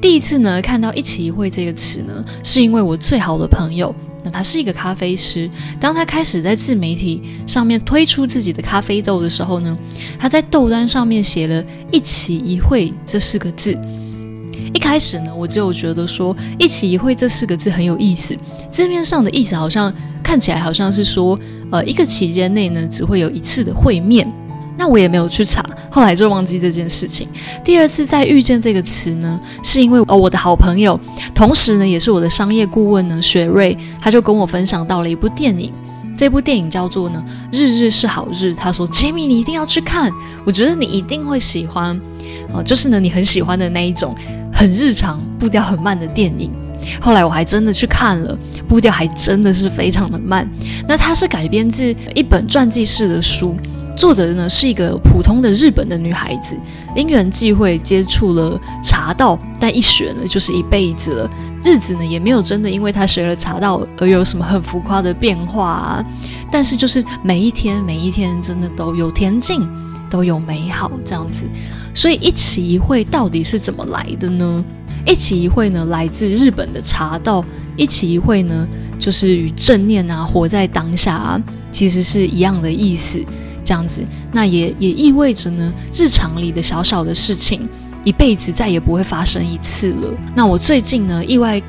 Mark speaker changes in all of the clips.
Speaker 1: 第一次呢，看到“一期一會”這個詞呢，是因為我最好的朋友。那他是一個咖啡師，當他開始在自媒體上面推出自己的咖啡豆的時候呢，他在豆單上面寫了一期一會這四個字。一開始呢，我就覺得說“一期一會”這四個字很有意思，字面上的意思好像看起來好像是說，呃，一個期間內呢，只會有一次的會面。那我也沒有去查，後來就忘記這件事情。第二次再遇見這個詞呢，是因為哦，我的好朋友，同時呢也是我的商業顧問呢，雪瑞，他就跟我分享到了一部電影。這部電影叫做呢《日日是好日》，他說：“Jamie，你一定要去看，我覺得你一定會喜歡哦，就是呢你很喜歡的那一種很日常、步調很慢的電影。”後來我還真的去看了，步調還真的是非常的慢。那它是改編自一本傳記式的書。作者呢是一個普通的日本的女孩子，因緣際會接觸了茶道，但一學呢就是一輩子了。日子呢也沒有真的因為她學了茶道而有什麼很浮誇的變化啊，但是就是每一天每一天真的都有恬靜，都有美好這樣子。所以一期一會到底是怎麼來的呢？一期一會呢來自日本的茶道，一期一會呢就是與正念啊，活在當下啊，其實是一樣的意思。這樣子，那也也意味着呢，日常裡的小小的事情，一輩子再也不會發生一次了。那我最近呢，意外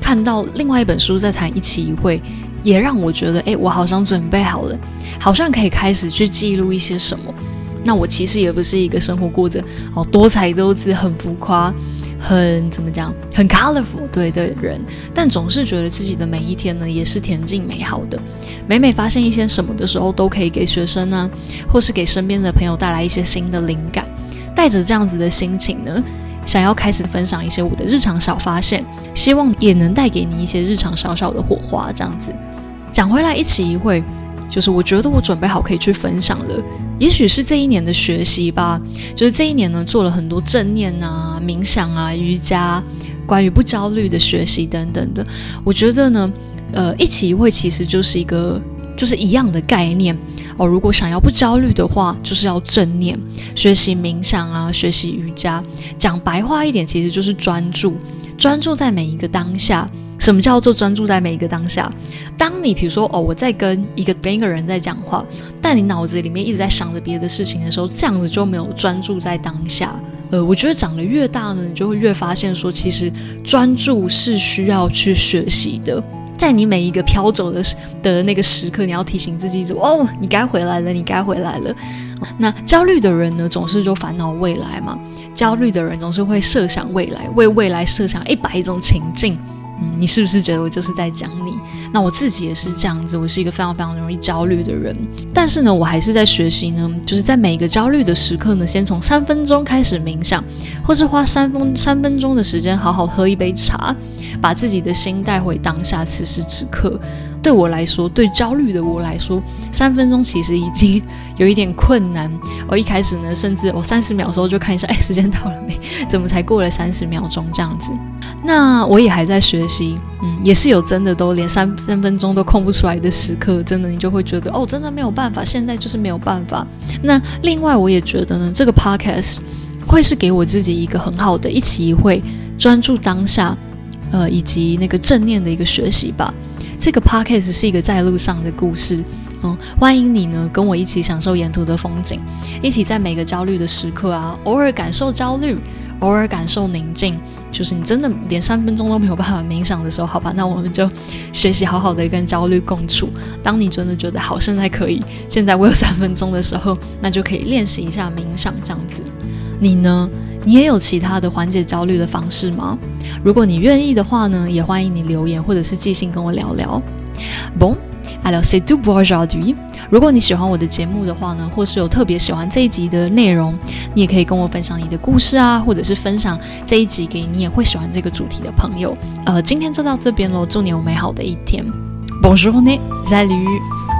Speaker 1: 看到另外一本書在談一期一會，也讓我覺得，哎、欸，我好像準備好了，好像可以開始去記錄一些什麼。那我其實也不是一個生活過得哦多彩多姿、很浮誇。很怎麼講，很 colorful 對的人，但總是覺得自己的每一天呢，也是恬靜美好的。每每發現一些什麼的時候，都可以給學生呢、啊，或是給身邊的朋友帶來一些新的靈感。帶着這樣子的心情呢，想要開始分享一些我的日常小發現，希望也能帶給你一些日常小小的火花。這樣子，講回來一期一會。就是我覺得我準備好可以去分享了，也許是這一年的學習吧，就是這一年呢做了很多正念啊、冥想啊、瑜伽，關於不焦慮的學習等等的。我覺得呢，呃，一期一會其實就是一個就是一樣的概念哦。如果想要不焦慮的話，就是要正念學習、冥想啊、學習瑜伽。講白話一點，其實就是專注，專注在每一個當下。什麼叫做專注在每一個當下？當你比如說哦，我在跟一個跟一個人在講話，但你腦子裡面一直在想着別的事情的時候，這樣子就沒有專注在當下。呃，我覺得長得越大呢，你就會越發現說，其實專注是需要去學習的。在你每一個飄走的時的那個時刻，你要提醒自己：哦，你該回來了，你該回來了。那焦慮的人呢，總是就煩惱未來嘛。焦慮的人總是會設想未來，為未來設想一百種情境。嗯，你是不是覺得我就是在講你？那我自己也是這樣子，我是一個非常非常容易焦慮的人。但是呢，我還是在學習呢，就是在每一個焦慮的時刻呢，先從三分鐘開始冥想，或是花三分三分鐘的時間好好喝一杯茶，把自己的心帶回當下此時此刻。對我來說，對焦慮的我來說，三分鐘其實已經有一點困難。我、哦、一開始呢，甚至我三十秒的時候就看一下，哎，時間到了沒？怎麼才過了三十秒鐘這樣子？那我也還在學習，嗯，也是有真的都連三三分鐘都空不出來的時刻，真的你就會覺得哦，真的沒有辦法，現在就是沒有辦法。那另外我也覺得呢，這個 podcast 會是給我自己一個很好的一期一會，專注當下，呃，以及那個正念的一個學習吧。這個 podcast 是一個在路上的故事，嗯，歡迎你呢，跟我一起享受沿途的風景，一起在每個焦慮的時刻啊，偶爾感受焦慮，偶爾感受寧靜，就是你真的連三分鐘都沒有辦法冥想的時候，好吧，那我們就學習好好的跟焦慮共處。當你真的覺得好，現在可以，現在我有三分鐘的時候，那就可以練習一下冥想，這樣子。你呢？你也有其他的緩解焦慮的方式嗎？如果你願意的話呢，也歡迎你留言或者是寄信跟我聊聊。Bon, alors c'est tout. 如果你喜歡我的節目的話呢，或是有特別喜歡這一集的內容，你也可以跟我分享你的故事啊，或者是分享這一集給你也會喜歡這個主題的朋友。呃，今天就到這邊嘍，祝你有美好的一天。Bonne journée, salut.